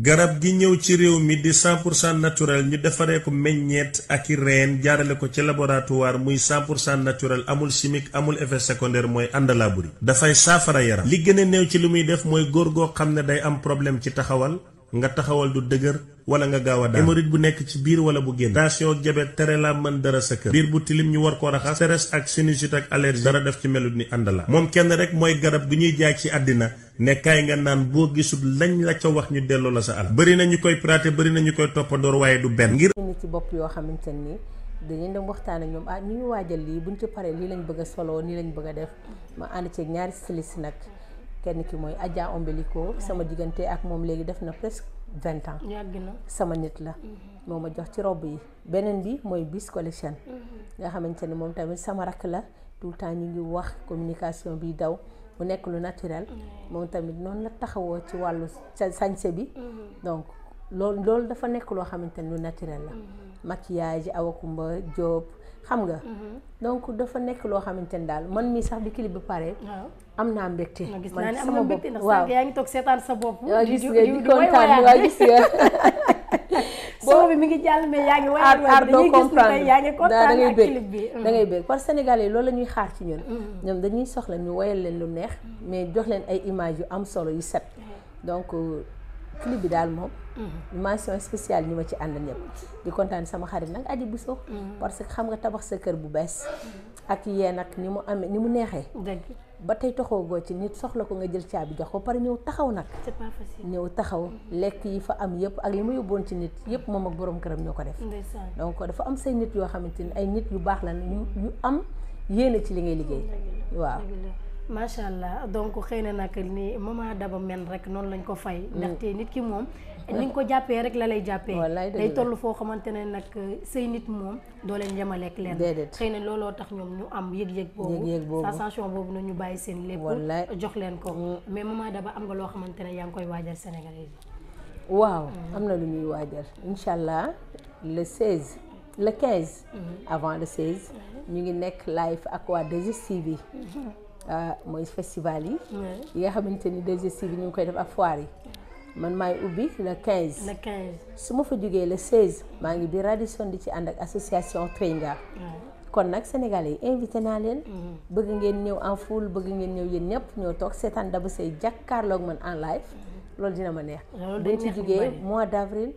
garab gi ñëw ci réew mi di 100 pour cent naturel ñu defaree ko meññeet ak i reen jaarale ko ci laboratoire muy 100 pour cent naturel amul chimique amul effet secondaire mooy àndalaaburi dafay saafara yaram li gën a néew ci li muy def mooy góor goo xam ne day am problème ci taxawal nga taxawal du dëgër wala nga gaaw a daan hémorroïde bu nekk ci biir wala bu génn tension ak tere la mën dara sa kër biir bu tilim ñu war koo raxas stress ak sinusite ak allergie dara def ci melut ni àndala moom kenn rek mooy garab gi ñuy jaay ci àddina ne kaay nga naan boo gisul lañ la ca wax ñu delloo la sa alal bëri na ñu koy praté bëri na ñu koy toppandoor waaye du benn ngir ci bopp yoo xamante ni dañuy dem waxtaan ak ñoom ah ñu ngi waajal lii buñ ci paree lii lañ bëgg a soloo nii lañ bëgg a def kenn ki mooy Adja Ombelico sama diggante ak moom léegi def na presque vingt ans yàgg na sama nit la mm-hmm. moo ma jox ci robb yi beneen bi mooy bis collection mm-hmm. nga xamante ne moom tamit sama rakk la tout le temps ñu ngi wax communication bi daw mu nekk lu naturel moom tamit noonu la taxawoo ci wàllu sañse bi mm-hmm. donc loolu loolu dafa nekk loo xamante ne lu naturel la maquillage Awa Kumba Diop xam nga. Mhm. donc dafa nekk loo xamante ni daal man mii sax bi clip bi pare. am naa mbégte. man sama bopp waaw yaa ngi toog seetaan sa bopp. gis nga di kontaan waaw gis nga. boo bi mi ngi jàll mais yaa ngi. waay waay gis ne yaa ngi kontaan ak clip bi da ngay bëgg parce que sénégalais loolu la ñuy xaar ci ñun. Mhm. ñoom dañuy soxla ñu woyal leen lu neex. Mhm. mais jox leen ay images yu am solo yu set. donc. Euh, clip bi daal moom. Mm-hmm. mention spéciale ñi ma ci àndal ñëpp. di kontaan sama xarit nag Adi soo mm-hmm. parce que xam nga tabax sa kër bu bees. Mm-hmm. ak yéen nag ni mu amee ni mu neexee. ba tey goo ci nit soxla ko nga jël caabi jox ko pare ñëw taxaw nag. c'est pas facile ñëw taxaw lekk yi fa am yëpp ak li ma yóbboon ci nit yëpp moom ak borom këram ñoo ko def. donc dafa am say nit yoo xamante ni ay nit yu baax la ñu yu am yéene ci li ngay liggéey. waaw macha allah donc xëy na nag ni maman Daba men rek noonu lañ ko fay. Mm. ndaxte nit ki moom. ni nga ko jàppee rek la lay jàppee. day toll foo xamante ne nag say nit moom doo leen yemaleeg leen. xëy na looloo tax ñoom ñu am yëg-yëg. yëg-yëg boobu sensation boobu na ñu bàyyi seen lépp. jox leen ko. Mm. mais maman Daba am nga loo xamante ne yaa ngi koy waajal Sénégalais yi. waaw mm. am na lu ñuy waajal incha allah le 16. le 15. avant le 16. ñu ngi nekk live ak waa 2 bi mooy festival yi. yi nga xamante ni 2STV bi ñu ngi koy def ak foire yi. man maay ubbi le 15. le 15 su ma fa jógee le 16 maa ngi bi Radisson di ci ànd ak association Tringa. kon nag sénégal yi invité naa leen. Mm-hmm. bëgg ngeen ñëw en foule bëgg ngeen ñëw yéen ñëpp ñoo toog seetaan Daba Seye jàkkaarloog man en live. Mm-hmm. loolu dina ma neex. Ah, dañ ci jógee mois d' avril.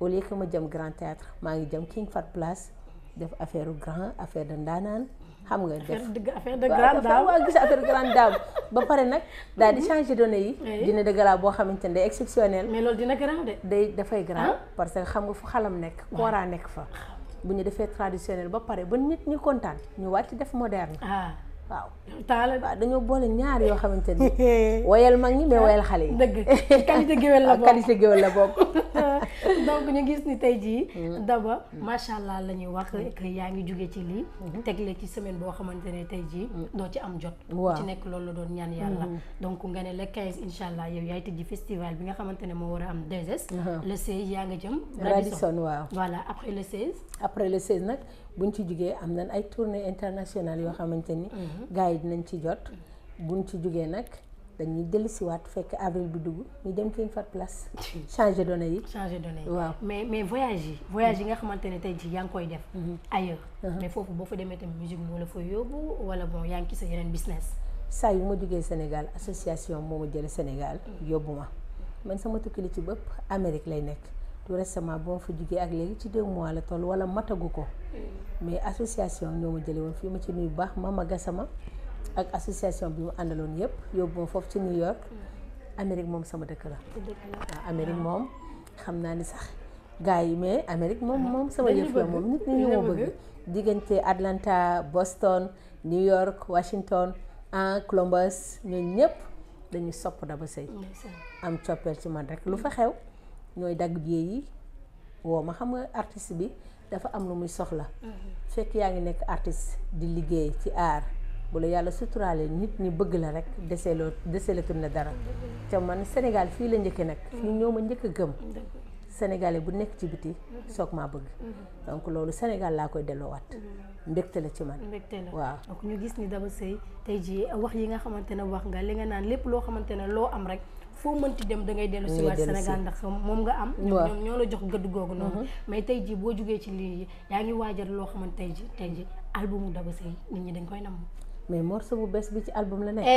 au lieu que ma jëm Grand Théâtre maa ngi jëm King Fahd Place def affaire grand affaire de ndaanaan. xam nga def affaire de grande dame waaw gis affaire grande dame ba pare nag daal di mhm. changer données yi. dina de garaaw boo xamante ne day exceptionnel. mais loolu dina garaaw day dafay garaaw ah? parce que xam nga fu xalam nekk. kooraa nekk fa. bu ñu defee traditionnel ba pare ba nit ñi kontaan ñu wàcc def moderne. Ah. waaw taala waaw dañoo boole ñaar yoo xamante ni woyal mag ñi mais woyal xale yi dëgg qualité géwél la bokk qualité géwél donc ñu gis ni tey jii mm. daba mm. macha allah la ñuy wax mm. que yaa ngi jóge ci lii mm-hmm. tegle ci semaine boo xamante ne tey jii doo ci am jot waaw ci nekk loolu la doon ñaan yàlla mm-hmm. donc nga ne le 15 incha allah yow yaay tëjji festival bi nga xamante ne moo war a am 2S uh-huh. le 16 yaa nga jëm Radisson waaw voilà après le 16 après le 16 nag buñ ci jógee am nañ ay tournée internationale yoo xamante ni mm-hmm. gars yi dinañ ci jot bu ñu ci jógee nag dañuy dellusiwaat fekk avril bi dugg ñu dem King Fahd Palace changer données yi changer données yi waaw mais mais voyage yi voyage yi nga xamante ne tey jii yaa ngi koy def mhm. ailleurs uh-huh. mais foofu boo fa demee tamit musique moo la fa yóbbu wala bon yaa ngi ci sa yeneen business saa yu ma jógee Sénégal association moo ma jële Sénégal mm. yóbbu ma man sama tukki li ci bëpp Amérique lay nekk tout récemment boo fa jugee ak léegi ci déw mois la toll wala matagu ko mm. mais association ñoo ma jële woon fii ma ci nuyu bu baax Mama Gassama ak association bi mu àndaloon yëpp yóbbu ma foofu ci New York mm. Amérique moom sama dëkk la waaw Amérique ah. moom xam naa ni sax gars yi mais Amérique moom moom sama yëf la moom nit ñi ñoo bëgg diggante Atlanta Boston New York Washington en ah, Columbus ñooñu ñëpp dañu sopp Daba Seye am coppeel ci man rek lu fa xew ñooy dagg billet yi woo ma xam nga artiste bi dafa am lu muy soxla. Mhm. fekk yaa ngi nekk artiste di liggéey ci aar bu la yàlla suturaale nit ñi bëgg la rek deseeloo deseelatul la dara. Mhm. te man Sénégal fii la njëkk nag. fii mhm. ñoo ma njëkk a gëm. Sénégalais bu nekk ci biti soog maa bëgg donc loolu Sénégal laa koy delloowaat mbégte la ci man mbégte la waaw ñu gis ni dama Seye tey ji wax yi nga xamante ne wax nga li nga naan lépp loo xamante ne loo am rek foo mënti dem da ngay dellu si waat Sénégal ndax moom nga am ñoom ñoo la jox gëdd googu noonu mm-hmm. mais tey ji boo jugee ci lii yaa ngi waajal loo xamante tey ji tey ji albumu Daba Seye nit ñi dañ koy nam mais morceau bu bees bi ci album la nekk ci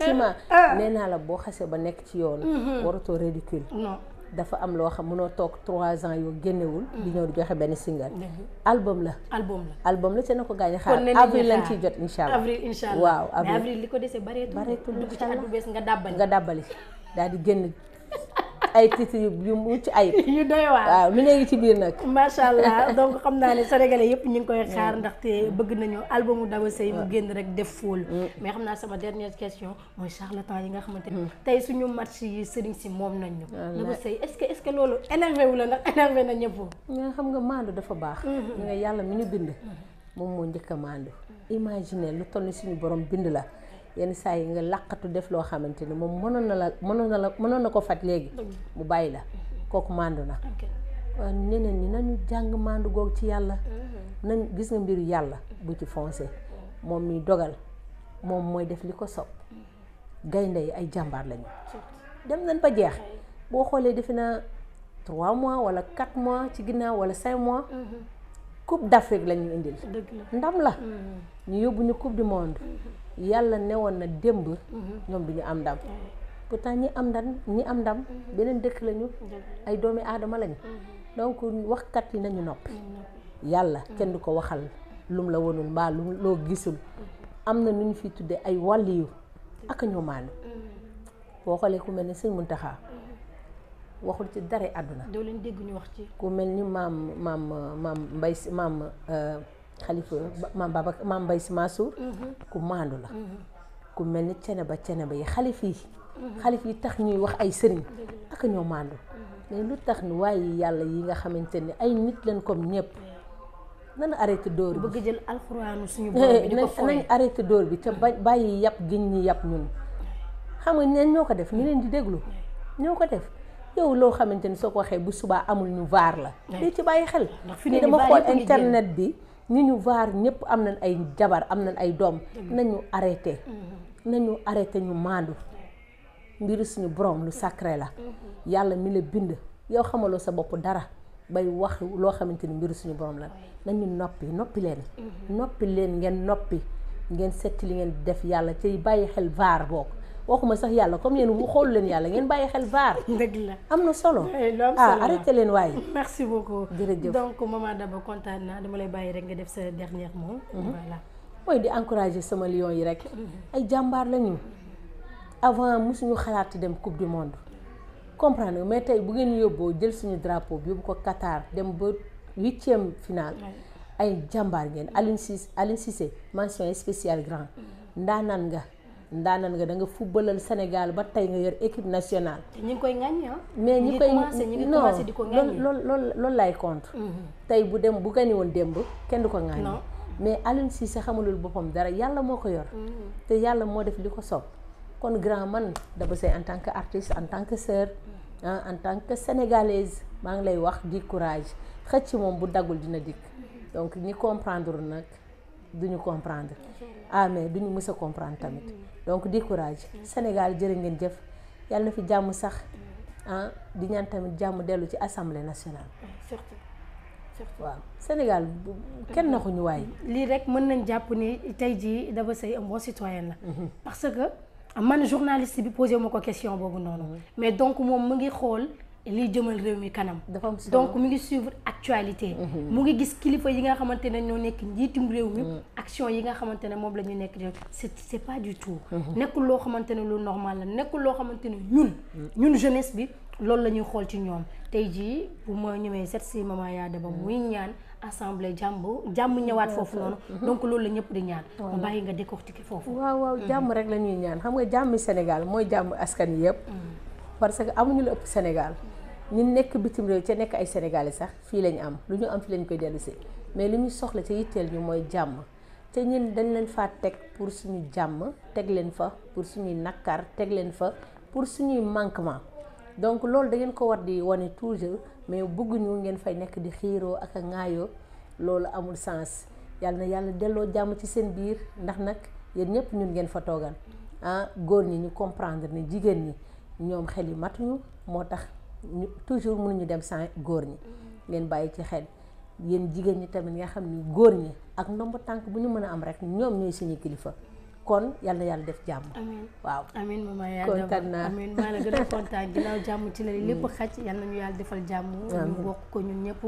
eh. ma ah. nee naa la boo xasee ba nekk ci yoon mm-hmm. waratoo ridicule non dafa am loo xam munoo toog trois ans yoo génnewul mm. di ñëw di joxe benn single mm-hmm. album la album la album la te na ko gaañ a xaar avril lañ ciy jot insha allah avril insha allah li ko desee bareetul bareetul dugg ci at nga dàbbali nga dàbbali daal di génn ay titres yu mucc ayib. yu doy waar waaw lu léegi ci biir nag. macha allah donc xam naa sa sénégalais yëpp ñu ngi koy xaar mm. ndaxte bëgg nañu albumu Daba Seye mu mm. génn rek def fóol. Mm. mais xam naa sama dernière question mooy charlatan yi nga xamante ne. tey suñu match yi sëriñ si moom nañ ñu. Daba Seye est-ce que ce que loolu énervé wu la ndax énervé na ñëpp. nga xam nga maandu dafa baax. ñu mm-hmm. ne yàlla mi ñu bind. Mm-hmm. moom moo njëkk a maandu. imaginer lu toll suñu borom bind la. yenn saa yi nga làqatu def loo xamante ni moom mënoon na la mënoon na la mënoon na ko faj léegi mu bàyyi la kooku màndu na neneen euh, ñi nañu jàng màndu goog ci yàlla mm-hmm. nañ gis nga mbiru yàlla bu ci foncé moom mi dogal moom mooy def li ko sob mm-hmm. gaynde yi ay jàmbaar lañu dem nañ ba jeex boo xoolee defe naa trois mois wala quatre mois ci ginnaaw wala cinq mois mm-hmm. coupe d'Afrique lañu indil ndam la ñu yóbbu ñu coupe du monde yàlla ne woon na démb. Mhm. ñoom du ñu am ndam. pourtant ñi am ndam ñi am ndam. Mhm. beneen dëkk lañu. ay doomi aadama lañu. Mhm. donc waxkat yi nañu noppi. yàlla kenn du ko waxal lum la wonul mbaa lu loo gisul. am na nu ñu fi tuddee ay wàlliyu ak ñoo maanu. boo xoolee ku mel ne sëñ Muntaxa waxul ci dara àdduna. doo leen dégg wax ci. ku mel ni maam maam maam mbay si maam. Euh, xalifa maam Baba maam Mbaye Sy Mansour mm-hmm. ku maandu la mm-hmm. ku mel ni cene ba cene ba yi xalif yi mm-hmm. xalif yi tax ñuy wax ay sëriñ ak ñoo maandu mais lu tax ni waaye yàlla yi nga xamante ne ay nit lañ comme ñëpp nañ arrêté dóor bi bëgg jël alxuraanu suñu borom bi di ko fooy nañ bàyyi yàpp gi ñi yàpp ñun xam nga ñeen ñoo ko def ñu leen di déglu ñoo ko def yow loo xamante ni soo ko waxee bu subaa amul ñu vaar la. li ci bàyyi xel. dama xool internet bi. ñi ñu vaar ñëpp am nañ ay jabar am nañ ay doom mm-hmm. nañu arrêté mm-hmm. nañu arrêté ñu maandu mbiru suñu borom lu sacré la mm-hmm. yàlla mi la bind yow xamaloo sa bopp dara bay wax loo xamante ni mbiru suñu borom la nañu noppi noppi leen noppi leen ngeen noppi ngeen setti li ngeen def yàlla ci bàyyi xel vaar boobu waxuma sax yàlla comme yéen xoolu leen yàlla ngeen bàyyi xel vaar. dëgg la am na solo. ah arrêté leen waaye. merci beaucoup jërëjëf donc maman Daba kontaan naa dama lay bàyyi rek nga def sa dernier mot. Mhm. mooy di encourager sama lion yi rek. ay jàmbaar lañu. avant mu suñu xalaat dem coupe du monde. comprendre mais tey bu ngeen yóbboo jël suñu drapeau bi yóbbu ko Qatar dem ba huitième finale. ay jàmbaar ngeen Alioune Cissé Alioune Cissé mention spéciale grand mhm. nga. ndaanaan nga da nga fubalal Sénégal ba tey nga yor équipe nationale. ñi ngi koy ŋaññi ah. mais ñi koy commencé di ko ŋaññi non loolu laay contre. Mm-hmm. tey bu dem bu gani woon démb kenn du ko ŋaññi. mais Aliou sa xamalul boppam dara yàlla moo ko yor. Mm-hmm. te yàlla moo def li ko soob. kon grand man Daba Seye en tant que artiste en tant que sœur mm-hmm. ah, en tant que sénégalaise maa ngi lay wax di courage xëcc moom bu daggul dina dikk donc ñi comprendre nag. duñu comprendre ah mais duñu mës a comprendre tamit donc décourage courage Sénégal jërë ngeen jëf yàlla na fi jàmm sax ah di ñaan tamit jàmm dellu ci assemblée nationale. surtout surtout waaw Sénégal kenn naxuñu waaye. lii rek mën nañ jàpp ni tey jii Daba Seye un bon citoyen la. Mhm. parce que man journaliste bi posé ma ko question boobu noonu. Mhm. mais donc moom mu ngi xool. liy jëmal réew mi kanam. donc mu ngi suivre actualité. Mm-hmm. mu ngi gis kilifa yi nga xamante ne ñoo nekk njiitum réew mi. Mm. action yi nga xamante ne moom la ñu nekk c'est c'est pas du tout. Mm-hmm. nekkul loo xamante ne lu normal la nekkul loo xamante ne ñun. Mm. ñun jeunesse bi loolu la ñuy xool ci ñoom tey jii bu ma ñëwee set si maman yaa daba muy mm. ñaan. assemblée jàmm jàmm ñëwaat foofu noonu mm-hmm. donc loolu la ñëpp di ñaan mu bàyyi nga décortiquer foofu waaw waaw jàmm rek la ñuy ñaan xam nga jàmmi Sénégal mooy jàmm askan yëpp parce que amuñu la ëpp Sénégal ñi nekk bitim réew ca nekk ay sénégalais sax fii lañ am lu ñu am fii lañ koy dellusi mais li ñu soxla ca yitteel ñu mooy jàmm te ñun dañ leen faa teg pour suñu jàmm teg leen fa pour suñuy nakkaar teg leen fa pour suñuy manquement donc loolu da ngeen ko war di wane toujours mais bëgguñu ngeen fay nekk di xiiroo ak a ŋaayoo loolu amul sens yàlla na yàlla delloo jàmm ci seen biir ndax nag yéen ñëpp ñun ngeen fa toogal ah góor ñi comprendre ni jigéen ñi. ñoom xel yi matuñu moo tax ñu toujours mënuñu dem sans góor ñi mm-hmm. ngeen bàyyi ci xel yéen jigéen ñi tamit nga xam ni góor ñi ak ndomb tànk bu ñu mën a am rek ñoom ñooy suñu kilifa kon yal na yàlla def jàmm. amiin waaw amiin maman yaa kontaan naa amiin maa la gën a kontaan ginnaaw jàmm ci la lépp mm. xaj yal na ñu yàlla defal jàmm. ñu bokk ko ñun ñëpp.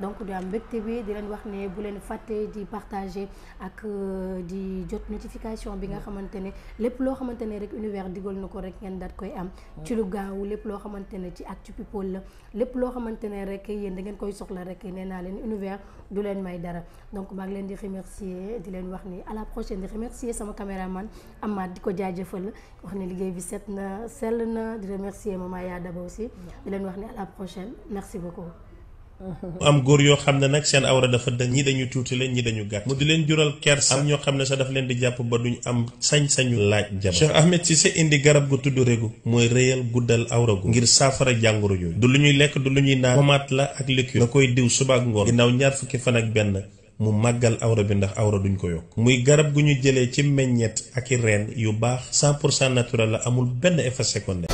donc di am mbégte bi di leen wax ne bu leen fàtte di partager ak euh, di jot notification bi nga mm. xamante loo xamante ne na ko rek ngeen daat koy am. Mm. ci lu gaaw lépp loo xamante ne ci actu la lépp loo xamante ne rek yéen da ngeen koy soxla rek nee naa leen univers du leen may dara donc maa leen di remercier di leen wax ni à la prochaine di remercier sama caméra. Abdourahmane Amath di ko jaajëfal wax ne liggéey bi set na sell na di remercier maman yaa daba aussi di wax ne à prochaine merci beaucoup. am góor yoo xam ne nag seen awra dafa dëñ ñi dañu tuuti leen ñi dañu gàtt mu di leen jural kersa am ñoo xam ne sax daf leen di jàpp ba duñ am sañ-sañu laaj jabar Cheikh Ahmed Cissé indi garab gu tudd régu mooy réyal guddal awra gu ngir saafara jàngoro yooyu du lu ñuy lekk du lu ñuy naan pomaat la ak liqueur nga koy diw suba ak ngoon ñaar fukki fan ak benn mu màggal awra bi ndax awra duñ ko yokk muy garab gu ñu jëlee ci meññeet ak i reen yu baax 100 pour cent naturel la amul benn effet seconder